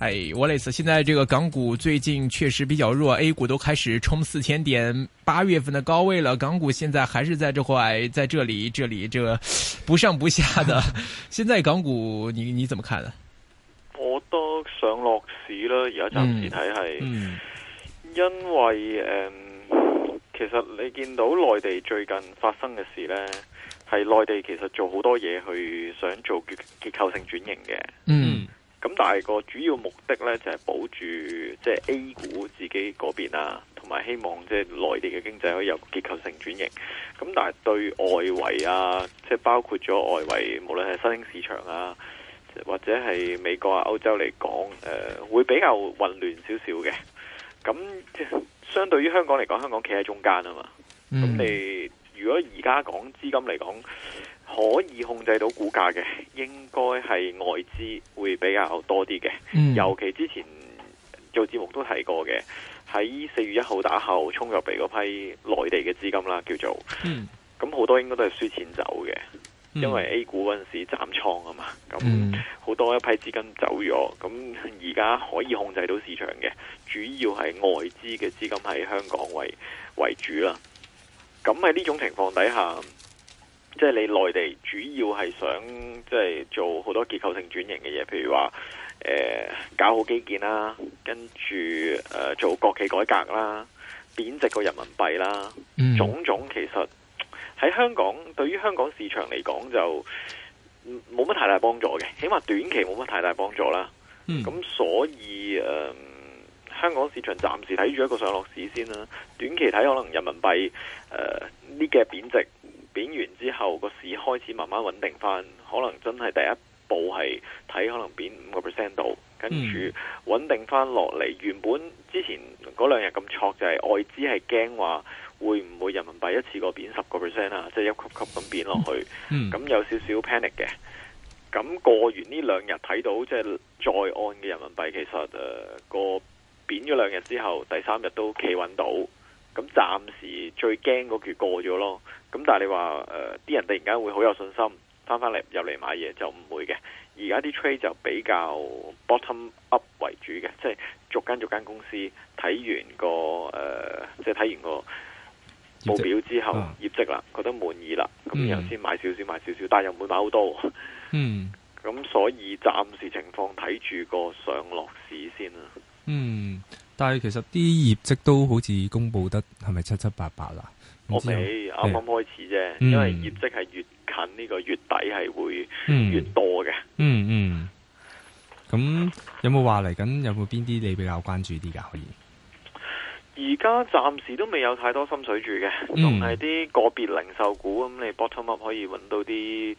誒、哎，我類似，現在這個港股最近確實比較弱，A 股都開始衝四千點，八月份的高位了。港股現在還是在這塊，在這裏，這裏，這不上不下的。現在港股，你你怎麼看，啊？我都想落市啦，而家暫時睇係，嗯嗯、因為誒、嗯，其實你見到內地最近發生嘅事呢，係內地其實做好多嘢去想做結構性轉型嘅。嗯。咁但係個主要目的呢，就係保住即係 A 股自己嗰邊啊，同埋希望即係內地嘅經濟可以有結構性轉型。咁但係對外圍啊，即係包括咗外圍，無論係新興市場啊，或者係美國啊、歐洲嚟講，誒，會比較混亂少少嘅。咁相對於香港嚟講，香港企喺中間啊嘛。咁、嗯、你如果而家講資金嚟講，可以控制到股價嘅，應該係外資會比較多啲嘅，嗯、尤其之前做節目都提過嘅，喺四月一號打後衝入嚟嗰批內地嘅資金啦，叫做，咁好、嗯、多應該都係輸錢走嘅，嗯、因為 A 股嗰陣時斬倉啊嘛，咁好多一批資金走咗，咁而家可以控制到市場嘅，主要係外資嘅資金喺香港為為主啦，咁喺呢種情況底下。即係你內地主要係想即係、就是、做好多結構性轉型嘅嘢，譬如話誒、呃、搞好基建啦，跟住誒、呃、做國企改革啦，貶值個人民幣啦，嗯、種種其實喺香港對於香港市場嚟講就冇乜太大幫助嘅，起碼短期冇乜太大幫助啦。咁、嗯、所以誒、呃、香港市場暫時睇住一個上落市先啦，短期睇可能人民幣誒呢嘅貶值。貶完之後個市開始慢慢穩定翻，可能真係第一步係睇可能貶五個 percent 度，跟住穩定翻落嚟。原本之前嗰兩日咁挫就係、是、外資係驚話會唔會人民幣一次過貶十個 percent 啊？即、就、係、是、一級級咁貶落去，咁、嗯、有少少 panic 嘅。咁過完呢兩日睇到即係在岸嘅人民幣其實誒個貶咗兩日之後第三日都企穩到。咁暫時最驚嗰橛過咗咯，咁但係你話誒啲人突然間會好有信心翻翻嚟入嚟買嘢就唔會嘅。而家啲 trade 就比較 bottom up 為主嘅，即係逐間逐間公司睇完個誒、呃，即係睇完個報表之後業績啦、啊，覺得滿意啦，咁然後先買少少、嗯、買少少，但係又唔會買好多。嗯，咁所以暫時情況睇住個上落市先啦。嗯。但係其實啲業績都好似公佈得係咪七七八八啦、啊？我未沒，啱啱、嗯、開始啫，嗯、因為業績係越近呢、這個月底係會越多嘅、嗯。嗯嗯。咁有冇話嚟緊？有冇邊啲你比較關注啲噶？可以。而家暫時都未有太多心水住嘅，仲係啲個別零售股咁，你 bottom up 可以揾到啲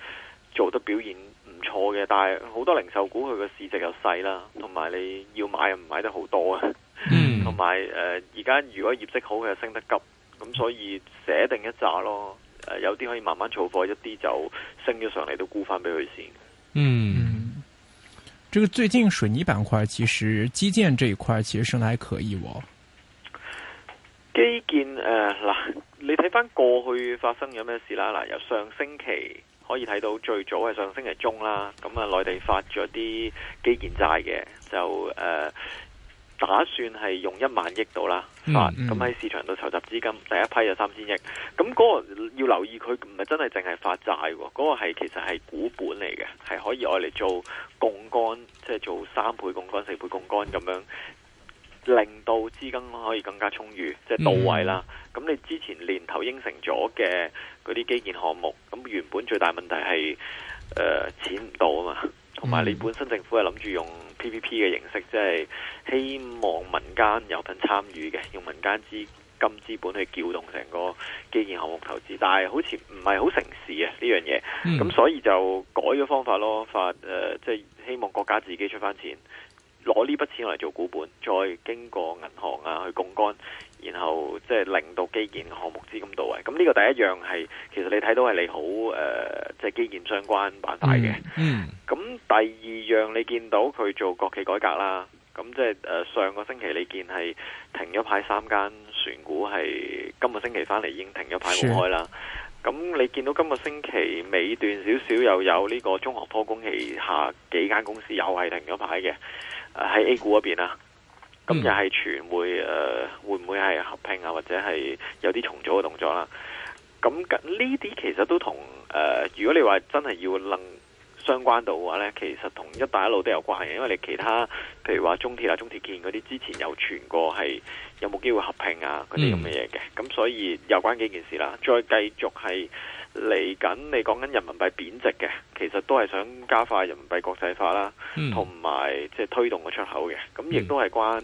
做得表現唔錯嘅，但係好多零售股佢個市值又細啦，同埋你要買又唔買得好多啊。嗯，同埋誒，而、呃、家如果業績好嘅，升得急，咁、嗯、所以寫定一扎咯。誒、呃，有啲可以慢慢儲貨，一啲就升咗上嚟都沽翻俾佢先。嗯，這個最近水泥板塊其實基建這一塊其實升得還可以喎、哦。基建誒，嗱、呃，你睇翻過去發生咗咩事啦？嗱，由上星期可以睇到，最早係上星期中啦，咁、嗯、啊，內地發咗啲基建債嘅，就誒。呃打算係用一萬億度啦，咁喺、嗯嗯、市場度籌集資金，第一批就三千億。咁嗰個要留意，佢唔係真係淨係發債，嗰、那個係其實係股本嚟嘅，係可以攞嚟做槓桿，即、就、係、是、做三倍槓桿、四倍槓桿咁樣，令到資金可以更加充裕，即、就、係、是、到位啦。咁、嗯、你之前年頭應承咗嘅嗰啲基建項目，咁原本最大問題係誒、呃、錢唔到啊嘛。同埋你本身政府係諗住用 PPP 嘅形式，即係希望民間有份參與嘅，用民間資金資本去撬動成個基建項目投資，但係好似唔係好成事啊呢樣嘢，咁所以就改咗方法咯，發誒即係希望國家自己出翻錢。攞呢筆錢嚟做股本，再經過銀行啊去槓桿，然後即係令到基建項目資金到位。咁呢個第一樣係其實你睇到係利好誒，即係基建相關板塊嘅。嗯。咁第二樣你見到佢做國企改革啦，咁即係誒上個星期你見係停咗牌三間船股係，今個星期翻嚟已經停咗牌冇開啦。咁你見到今個星期尾段少少又有呢個中航科工旗下幾間公司又係停咗牌嘅。喺 A 股嗰邊啦，咁又係傳會誒、呃，會唔會係合併啊，或者係有啲重組嘅動作啦、啊？咁呢啲其實都同誒、呃，如果你話真係要能相關到嘅話呢，其實同一帶一路都有關係，因為你其他譬如話中鐵啊、中鐵建嗰啲之前有傳過係有冇機會合併啊，嗰啲咁嘅嘢嘅，咁、嗯、所以有關幾件事啦，再繼續係。嚟緊你講緊人民幣貶值嘅，其實都係想加快人民幣國際化啦，同埋即係推動個出口嘅，咁亦、嗯、都係關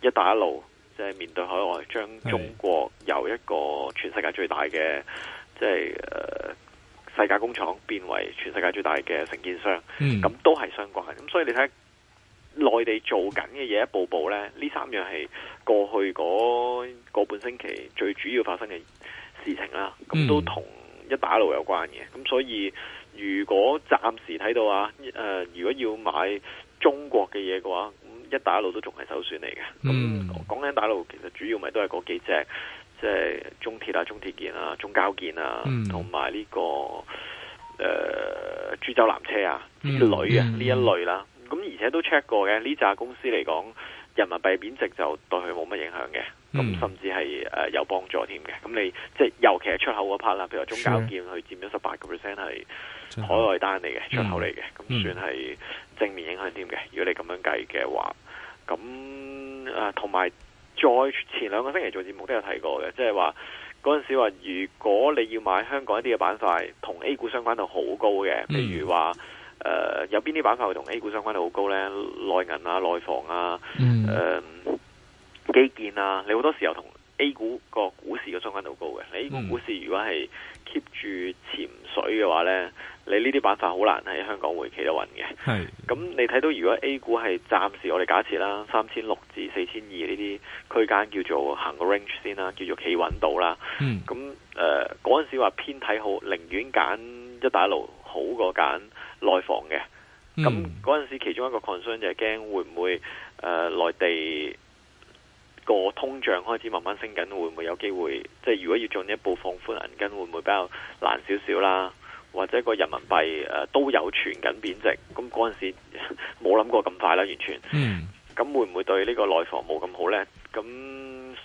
一帶一路即係、就是、面對海外，將中國由一個全世界最大嘅即係世界工廠變為全世界最大嘅承建商，咁、嗯嗯、都係相關。咁所以你睇內地做緊嘅嘢，一步步呢，呢三樣係過去嗰個半星期最主要發生嘅事情啦，咁都同、嗯。一帶一路有關嘅，咁所以如果暫時睇到啊、呃，如果要買中國嘅嘢嘅話，咁一帶一路都仲係首選嚟嘅。咁、嗯、講緊一帶一路，其實主要咪都係嗰幾隻，即、就、係、是、中鐵啊、中鐵建啊、中交建啊，同埋呢個誒、呃、株洲南車啊之類呀呢、嗯嗯、一類啦。咁而且都 check 過嘅，呢紮公司嚟講，人民幣貶值就對佢冇乜影響嘅。咁、嗯、甚至係有幫助添嘅，咁你即係尤其係出口嗰 part 啦，譬如中交建佢佔咗十八個 percent 係海外單嚟嘅，出口嚟嘅，咁、嗯、算係正面影響添嘅。如果你咁樣計嘅話，咁同埋再前兩個星期做節目都有提過嘅，即係話嗰陣時話如果你要買香港一啲嘅板塊，同 A 股相關度好高嘅，譬如話、呃、有邊啲板塊同 A 股相關度好高咧？內銀啊，內房啊，嗯呃基建啊，你好多時候同 A 股個股市嘅相關度高嘅。你、嗯、A 股股市如果係 keep 住潛水嘅話呢，你呢啲板塊好難喺香港會企得穩嘅。係是，咁你睇到如果 A 股係暫時我哋假設啦，三千六至四千二呢啲區間叫做行個 range 先啦，叫做企穩到啦。咁誒嗰陣時話偏睇好，寧願揀一帶一路好過揀內房嘅。咁嗰陣時其中一個 concern 就係驚會唔會誒內、呃、地。個通脹開始慢慢升緊，會唔會有機會？即係如果要進一步放寬銀根，會唔會比較難少少啦？或者個人民幣誒、呃、都有存緊貶值，咁嗰陣時冇諗過咁快啦，完全。嗯。咁會唔會對呢個內房冇咁好呢？咁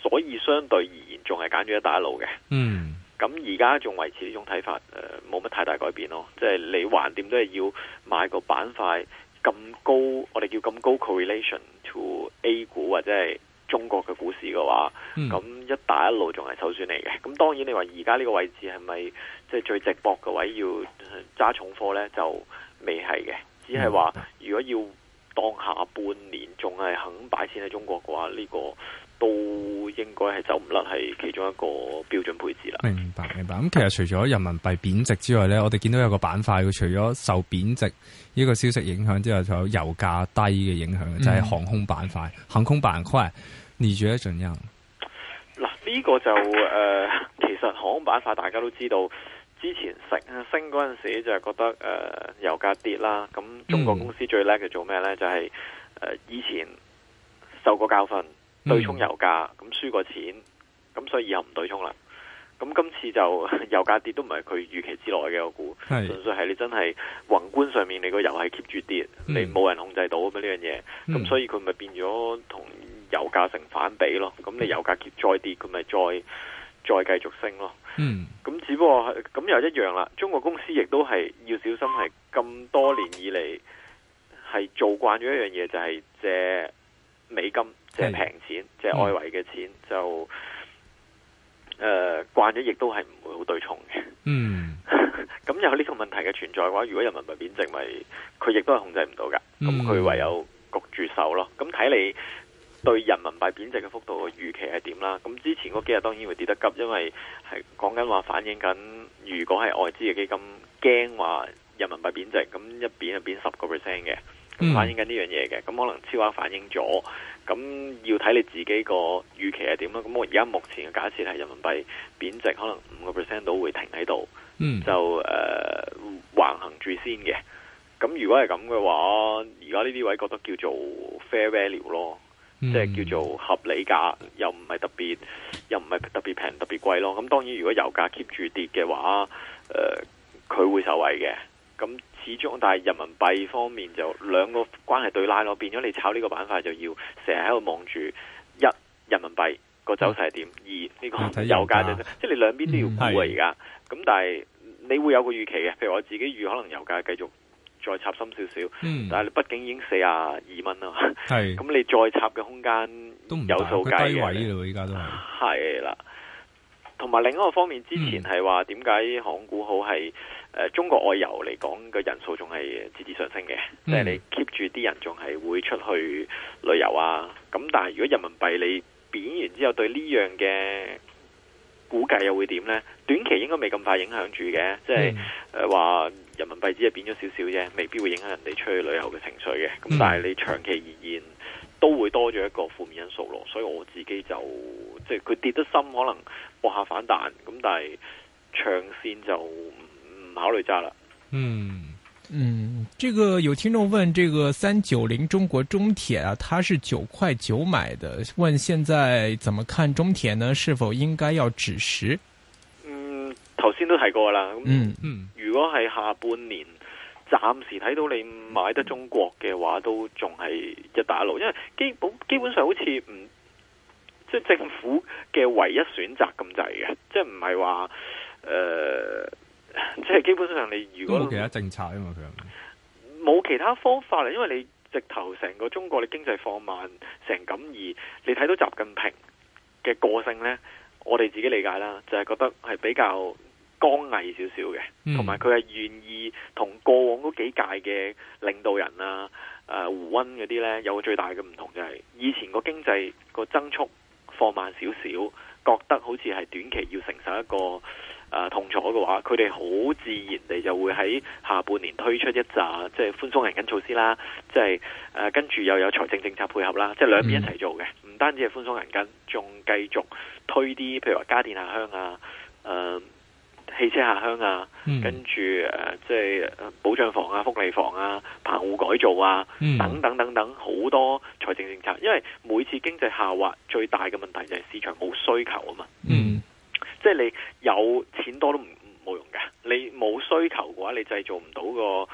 所以相對而言，仲係揀咗一帶一路嘅。嗯。咁而家仲維持呢種睇法，誒、呃，冇乜太大改變咯。即、就、係、是、你橫掂都係要買個板塊咁高，我哋叫咁高 correlation to A 股或者係。中國嘅股市嘅話，咁一帶一路仲係首選嚟嘅。咁當然你話而家呢個位置係咪即係最直博嘅位要揸重貨呢，就未係嘅，只係話如果要。當下半年仲係肯擺錢喺中國嘅話，呢、這個都應該係走唔甩，係其中一個標準配置啦。明白，明白。咁其實除咗人民幣貶值之外呢，我哋見到有個板塊，佢除咗受貶值呢個消息影響之外，仲有油價低嘅影響，嗯、就係航空板塊。航空板塊，你住一陣？嗱，呢個就誒、呃，其實航空板塊大家都知道。之前升升嗰陣時就係覺得誒、呃、油價跌啦，咁中國公司最叻嘅做咩呢？就係、是呃、以前受過教訓，對沖油價咁輸過錢，咁所以以後唔對沖啦。咁今次就油價跌都唔係佢預期之內嘅，我估，純是粹係你真係宏觀上面你個油係 keep 住跌，你冇人控制到嘛呢、嗯、樣嘢，咁、嗯、所以佢咪變咗同油價成反比咯。咁你油價跌再跌，佢咪再。再繼續升咯，嗯，咁只不過，咁又一樣啦。中國公司亦都係要小心，係咁多年以嚟係做慣咗一樣嘢，就係、是、借美金，是借平錢，借外圍嘅錢就誒慣咗，亦都係唔會好對沖嘅。嗯，咁、呃嗯、 有呢個問題嘅存在嘅話，如果人民幣貶值，咪佢亦都係控制唔到噶。咁佢、嗯、唯有焗住手咯。咁睇嚟。對人民幣貶值嘅幅度嘅預期係點啦？咁之前嗰幾日當然會跌得急，因為係講緊話反映緊，如果係外資嘅基金驚話人民幣貶值，咁一貶就貶十個 percent 嘅，咁反映緊呢樣嘢嘅。咁可能超額反映咗，咁要睇你自己個預期係點啦。咁我而家目前嘅假設係人民幣貶值，可能五個 percent 都會停喺度，嗯、就誒、呃、橫行住先嘅。咁如果係咁嘅話，而家呢啲位置覺得叫做 fair value 咯。即係叫做合理價，又唔係特別，又唔係特別平，特別貴咯。咁當然，如果油價 keep 住跌嘅話，誒、呃、佢會受惠嘅。咁始終，但係人民幣方面就兩個關係對拉咯，變咗你炒呢個板塊就要成日喺度望住一人民幣個走勢係點，二呢就、呢個油價點，價就係、即係你兩邊都要顧啊。而家咁，是但係你會有個預期嘅，譬如我自己預可能油價繼續。再插深少少，嗯、但係你畢竟已經四十二蚊啦，係咁是 你再插嘅空間都有數計嘅啦，依家都係係啦。同埋另一個方面，之前係話點解港股好係誒中國外遊嚟講嘅人數仲係節節上升嘅，嗯、即係你 keep 住啲人仲係會出去旅遊啊。咁但係如果人民幣你貶完之後，對呢樣嘅估計又會點呢？短期應該未咁大影響住嘅，即係誒話。嗯呃人民幣只係變咗少少啫，未必會影響人哋出去旅遊嘅情緒嘅。咁但係你長期而言都會多咗一個負面因素咯。所以我自己就即係佢跌得深，可能搏下反彈。咁但係長線就唔考慮揸啦。嗯嗯，這個有聽眾問，這個三九零中國中鐵啊，它是九塊九買的，問現在怎麼看中鐵呢？是否應該要止蝕？頭先都提過啦，咁如果係下半年，暫時睇到你買得中國嘅話，都仲係一帶一路，因為基本基本上好似唔即係政府嘅唯一選擇咁滯嘅，即係唔係話誒，即係基本上你如果冇其他政策啊嘛，佢冇其他方法啦，因為你直頭成個中國你經濟放慢成咁而，你睇到習近平嘅個性呢，我哋自己理解啦，就係覺得係比較。剛毅少少嘅，同埋佢係願意同過往嗰幾屆嘅領導人啦、啊呃，胡溫嗰啲呢，有個最大嘅唔同就係，以前個經濟個增速放慢少少，覺得好似係短期要承受一個誒痛、呃、楚嘅話，佢哋好自然地就會喺下半年推出一紮即係寬鬆銀根措施啦，即、就、係、是呃、跟住又有財政政策配合啦，即係兩邊一齊做嘅，唔單止係寬鬆銀根，仲繼續推啲譬如話家電下鄉啊，呃汽車下鄉啊，跟住誒，即係保障房啊、福利房啊、棚戶改造啊，嗯、等等等等，好多財政政策。因為每次經濟下滑，最大嘅問題就係市場冇需求啊嘛。嗯，即係你有錢多都唔冇用嘅。你冇需求嘅話，你製造唔到個誒、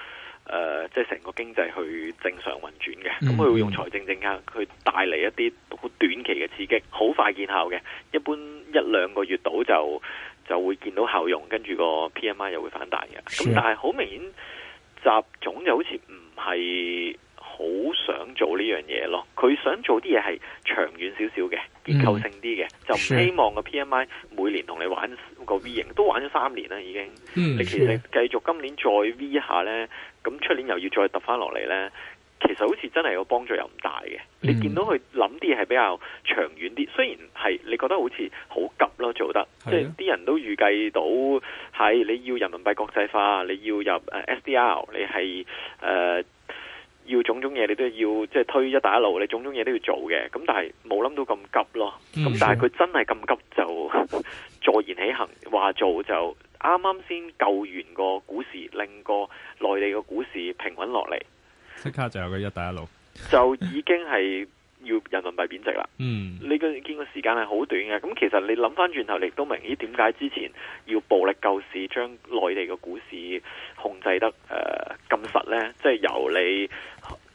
呃，即係成個經濟去正常運轉嘅。咁佢會用財政政策，去帶嚟一啲好短期嘅刺激，好快見效嘅。一般一兩個月度就。就會見到效用，跟住個 P M I 又會反彈嘅。咁、啊、但係好明顯，習總就好似唔係好想做呢樣嘢咯。佢想做啲嘢係長遠少少嘅，結構性啲嘅，嗯、就唔希望個 P M I 每年同你玩個 V 型，都玩咗三年啦，已經。嗯啊、你其實你繼續今年再 V 一下呢，咁出年又要再揼翻落嚟呢。其實好似真係個幫助又唔大嘅，嗯、你見到佢諗啲嘢係比較長遠啲。雖然係你覺得好似好急咯，做得即係啲人都預計到喺你要人民幣國際化，你要入誒 SDR，你係誒、呃、要種種嘢，你都要即係推一帶一路，你種種嘢都要做嘅。咁但係冇諗到咁急咯。咁、嗯、但係佢真係咁急就、嗯、 坐言起行，話做就啱啱先救完個股市，令個內地嘅股市平穩落嚟。即刻就有一個一帶一路就已經係要人民幣貶值啦。 嗯，你個見個時間係好短嘅。咁其實你諗翻轉頭，你都明咦，點解之前要暴力救市，將內地嘅股市控制得誒咁、呃、實呢？即係由你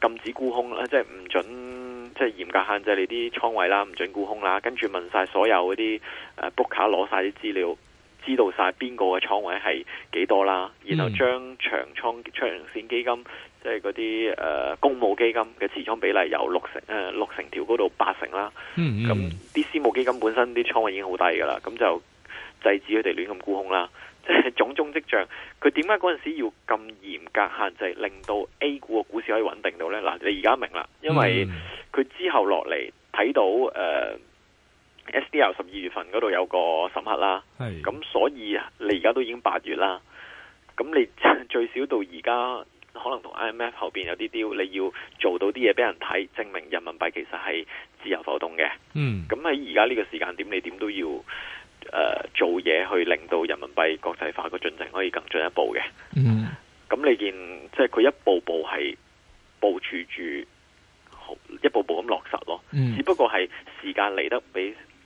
禁止沽空啦，即係唔准，即係嚴格限制你啲倉位啦，唔准沽空啦。跟住問晒所有嗰啲誒 book 卡，攞晒啲資料，知道晒邊個嘅倉位係幾多啦。然後將長倉長線基金。即係嗰啲誒公募基金嘅持倉比例由六成誒、呃、六成調高到八成啦。咁啲、嗯、私募基金本身啲倉位已經好低噶啦，咁就制止佢哋亂咁沽空啦。即 係種種跡象，佢點解嗰陣時候要咁嚴格限制，令到 A 股嘅股市可以穩定到呢？嗱，你而家明啦，因為佢之後落嚟睇到誒、呃、S D R 十二月份嗰度有個審核啦，咁的所以你而家都已經八月啦，咁你最少到而家。可能同 IMF 後邊有啲 deal，你要做到啲嘢俾人睇，證明人民幣其實係自由浮動嘅。嗯，咁喺而家呢個時間點，你點都要誒、呃、做嘢去令到人民幣國際化個進程可以更進一步嘅。嗯，咁你見即係佢一步步係部署住，一步步咁落實咯。嗯、只不過係時間嚟得比。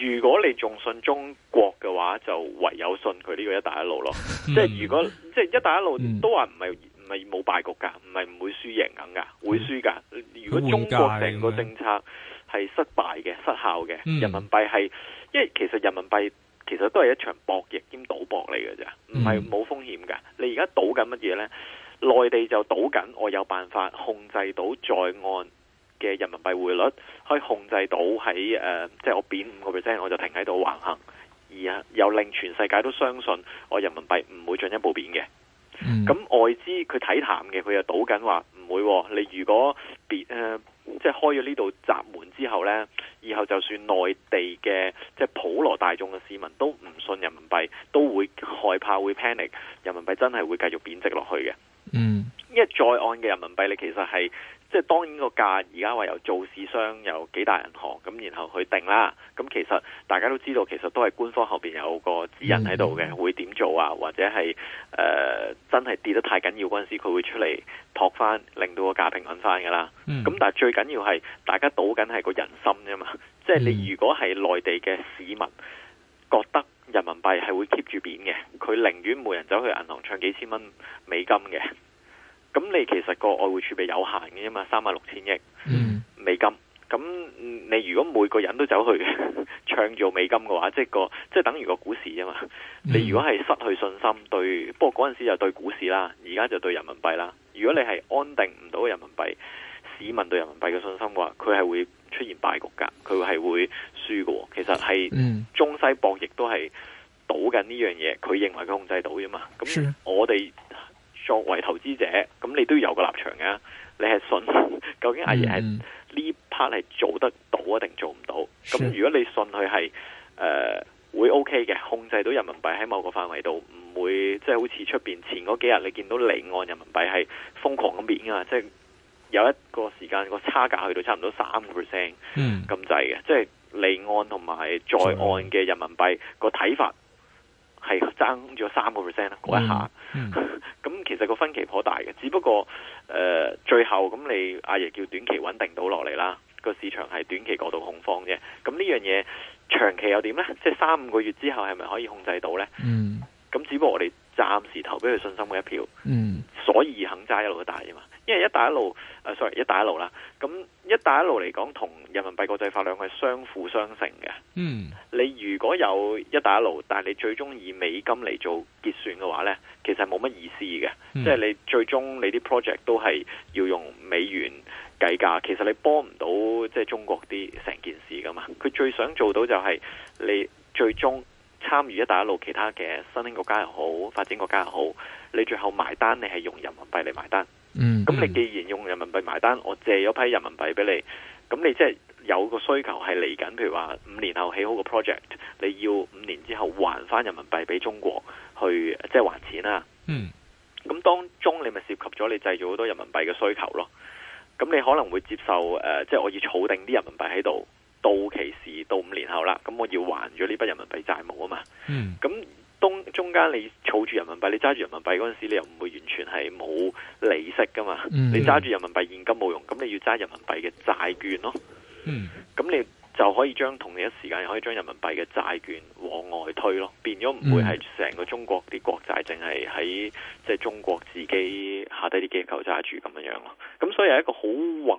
如果你仲信中國嘅話，就唯有信佢呢個一帶一路咯。嗯、即係如果即係、即係、一帶一路都話唔係唔係冇敗局㗎，唔係唔會輸贏緊㗎，嗯、會輸㗎。如果中國成個政策係失敗嘅、失效嘅，嗯、人民幣係，因為其實人民幣其實都係一場博弈兼賭博嚟㗎啫，唔係冇風險㗎。你而家賭緊乜嘢呢？內地就賭緊我有辦法控制到在岸，嘅人民幣匯率可以控制到喺誒，即係我貶五個 percent，我就停喺度橫行，而又、啊、令全世界都相信我人民幣唔會進一步貶嘅。咁、嗯、外資佢睇淡嘅，佢又倒緊話唔會、哦。你如果別即、呃即係、開咗呢度閘門之後呢，以後就算內地嘅即係普羅大眾嘅市民都唔信人民幣，都會害怕會 panic，人民幣真係會繼續貶值落去嘅。一在岸嘅人民幣，你其實係即係當然個價而家話由造市商由幾大銀行咁，然後去定啦。咁其實大家都知道，其實都係官方後邊有個指引喺度嘅，會點做啊？或者係誒、呃、真係跌得太緊要嗰陣時，佢會出嚟撲翻，令到個價平衡翻噶啦。咁、嗯、但係最緊要係大家賭緊，係個人心啫嘛。即係你如果係內地嘅市民覺得人民幣係會 keep 住貶嘅，佢寧願每人走去銀行唱幾千蚊美金嘅。咁你其實個外匯儲備有限嘅啫嘛，三萬六千億美金。咁、嗯、你如果每個人都走去 唱造美金嘅話，即、就、係、是、個即係、就是、等於個股市啫嘛。嗯、你如果係失去信心對，不過嗰陣時就對股市啦，而家就對人民幣啦。如果你係安定唔到人民幣，市民對人民幣嘅信心嘅話，佢係會出現敗局噶，佢係會輸嘅、哦。其實係中西博弈都係賭緊呢樣嘢，佢認為佢控制到啫嘛。咁我哋。嗯嗯作為投資者，咁你都要有個立場嘅。你係信究竟阿爺喺呢 part 係做得到啊，定做唔到？咁如果你信佢係誒會 OK 嘅，控制到人民幣喺某個範圍度，唔會即係、就是、好似出邊前嗰幾日你見到離岸人民幣係瘋狂咁變啊，即、就、係、是、有一個時間個差價去到差唔多三個 percent 咁滯嘅，即係離岸同埋在岸嘅人民幣個睇法。係爭咗三個 percent 啦，一下，咁、嗯嗯、 其實個分歧頗大嘅，只不過誒、呃、最後咁你阿爺叫短期穩定到落嚟啦，個市場係短期過度恐慌啫，咁呢樣嘢長期又點呢？即係三五個月之後係咪可以控制到呢？咁、嗯、只不過我哋暫時投俾佢信心嘅一票，嗯、所以肯揸一路大啊嘛。因為一帶一路，啊，sorry，一帶一路啦。咁一帶一路嚟講，同人民幣國際化兩個係相輔相成嘅。嗯，mm. 你如果有一帶一路，但係你最終以美金嚟做結算嘅話呢，其實冇乜意思嘅。即係、mm. 你最終你啲 project 都係要用美元計價，其實你幫唔到即係中國啲成件事噶嘛。佢最想做到就係你最終參與一帶一路其他嘅新興國家又好，發展國家又好，你最後埋單，你係用人民幣嚟埋單。嗯，咁你既然用人民幣埋單，我借咗批人民幣俾你，咁你即係有個需求係嚟緊，譬如話五年後起好個 project，你要五年之後還翻人民幣俾中國去即係還錢啊。嗯，咁當中你咪涉及咗你製造好多人民幣嘅需求咯。咁你可能會接受誒，即係我要儲定啲人民幣喺度，到期時到五年後啦，咁我要還咗呢筆人民幣債務啊嘛。嗯，咁。中中間你儲住人民幣，你揸住人民幣嗰陣時，你又唔會完全係冇利息噶嘛？嗯，你揸住人民幣現金冇用，咁你要揸人民幣嘅債券咯。嗯，咁你就可以將同一時間，可以將人民幣嘅債券往外推咯，變咗唔會係成個中國啲國債淨係喺即係中國自己下低啲機構揸住咁樣樣咯。咁所以係一個好宏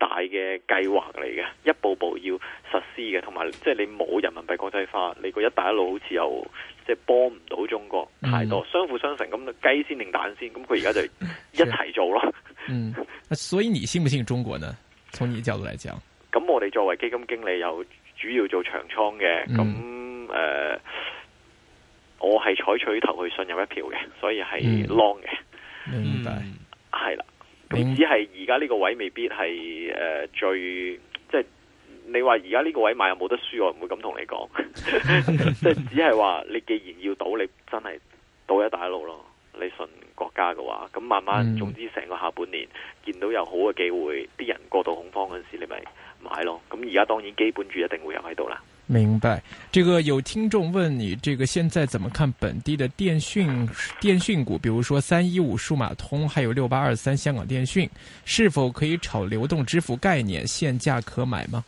大嘅計劃嚟嘅，一步步要實施嘅，同埋即係你冇人民幣國際化，你個一帶一路好似又即係幫唔到中國太多，嗯、相輔相成咁，雞先定蛋先，咁佢而家就一齊做咯、嗯。所以你信唔信中國呢？從你角度嚟講，咁我哋作為基金經理又主要做長倉嘅，咁誒、嗯呃，我係採取投去信任一票嘅，所以係 long 嘅、嗯。明白，係啦。嗯、你只係而家呢個位未必係誒、呃、最，即、就、係、是、你話而家呢個位買有冇得輸？我唔會咁同你講，即係 只係話你既然要賭，你真係賭一大路咯。你信國家嘅話，咁慢慢、嗯、總之成個下半年見到有好嘅機會，啲人過度恐慌嗰陣時，你咪買咯。咁而家當然基本住一定會有喺度啦。明白，這個有聽眾問你，這個現在怎麼看本地的電訊電訊股，比如說三一五數碼通，還有六八二三香港電訊，是否可以炒流動支付概念？現價可買嗎？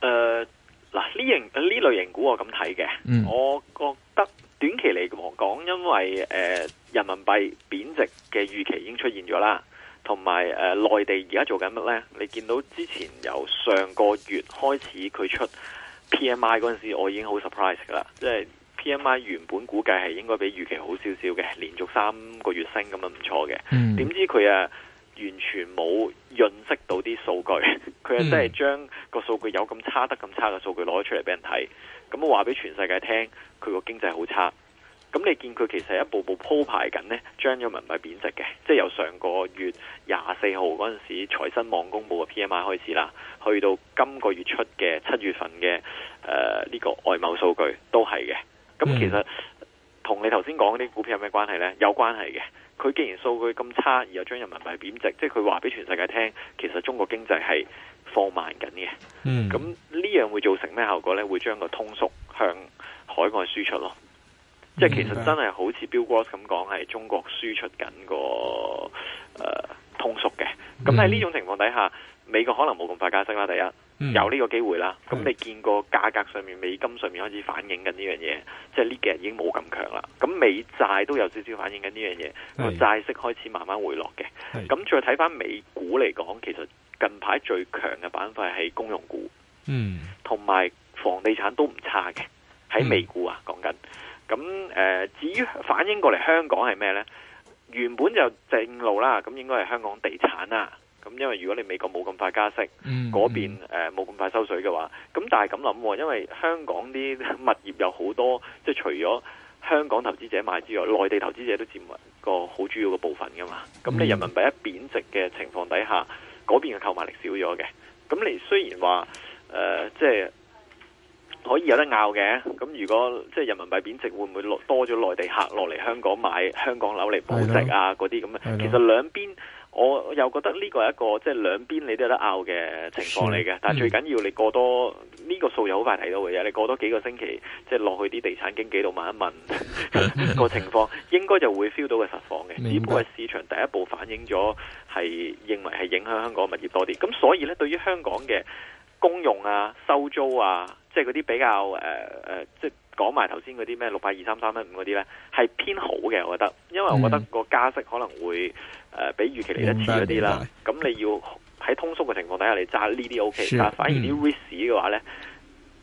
誒、呃，嗱，呢型呢類型股我咁睇嘅，嗯、我覺得短期嚟講，因為誒、呃、人民幣貶值嘅預期已經出現咗啦，同埋誒內地而家做緊乜呢？你見到之前由上個月開始佢出。PMI 嗰陣時，我已經好 surprise 㗎啦，即係 PMI 原本估計係應該比預期好少少嘅，連續三個月升，咁樣唔錯嘅，mm. 點知佢啊完全冇潤飾到啲數據，佢啊真係將個數據有咁差得咁差嘅數據攞出嚟俾人睇，咁我話俾全世界聽，佢個經濟好差。咁你見佢其實一步步鋪排緊呢，將咗人民幣貶值嘅，即係由上個月廿四號嗰陣時財新網公佈嘅 P M I 開始啦，去到今個月出嘅七月份嘅誒呢個外貿數據都係嘅。咁其實同、嗯、你頭先講啲股票有咩關係呢？有關係嘅。佢既然數據咁差，而又將人民幣貶值，即係佢話俾全世界聽，其實中國經濟係放慢緊嘅。咁呢、嗯、樣會造成咩效果呢？會將個通縮向海外輸出咯。即係其實真係好似 Bill Gross 咁講，係中國輸出緊個誒通縮嘅。咁喺呢種情況底下，嗯、美國可能冇咁快加息啦。第一，嗯、有呢個機會啦。咁、嗯、你見過價格上面、美金上面開始反映緊呢樣嘢，即係呢幾日已經冇咁強啦。咁美債都有少少反映緊呢樣嘢，個債、嗯、息開始慢慢回落嘅。咁、嗯、再睇翻美股嚟講，其實近排最強嘅板塊係公用股，嗯，同埋房地產都唔差嘅喺美股啊，講緊。咁誒、呃，至於反映過嚟香港係咩呢？原本就正路啦，咁應該係香港地產啦。咁因為如果你美國冇咁快加息，嗰邊冇咁快收水嘅話，咁但係咁諗，因為香港啲物業有好多，即係除咗香港投資者買之外，內地投資者都佔個好主要嘅部分噶嘛。咁你人民幣一貶值嘅情況底下，嗰邊嘅購買力少咗嘅。咁你雖然話誒、呃，即係。可以有得拗嘅，咁如果即係人民幣貶值，會唔會落多咗內地客落嚟香港買香港樓嚟保值啊？嗰啲咁啊，I know. 其實兩邊我又覺得呢個係一個即係兩邊你都有得拗嘅情況嚟嘅。了但最緊要你過多呢、嗯、個數又好快睇到嘅，你過多幾個星期即係落去啲地產經紀度問一問個 情況應該就會 feel 到個實況嘅。只不過市場第一步反映咗係認為係影響香港物業多啲，咁所以咧對於香港嘅公用啊、收租啊，即係嗰啲比較誒誒、呃，即係講埋頭先嗰啲咩六百二三三一五嗰啲咧，係偏好嘅，我覺得，因為我覺得個加息可能會誒、呃、比預期嚟得遲嗰啲啦。咁你要喺通縮嘅情況底下你揸呢啲 O K，但反而啲 risk 嘅話咧，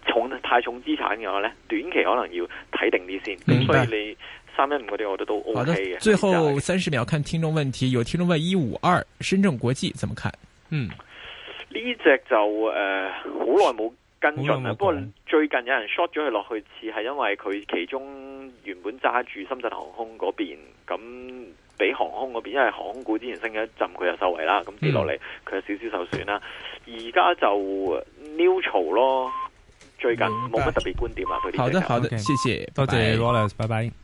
重太重資產嘅話咧，短期可能要睇定啲先。咁、嗯、所以、啊、你三一五嗰啲，我覺得都 O K 嘅。好的，白的最後三十秒看聽眾問題，有聽眾問：一五二深圳國際怎麼看？嗯，呢隻就誒好耐冇。呃跟進啊！嗯、不過最近有人 short 咗佢落去，似係因為佢其中原本揸住深圳航空嗰邊，咁俾航空嗰邊，因為航空股之前升咗一浸，佢又受惠啦，咁跌落嚟佢有少少受損啦、啊。而家就 neutral 咯，最近冇乜特別觀點啦、啊。嗯、好的，好的，okay. 謝謝，拜拜多謝 Wallace 拜拜。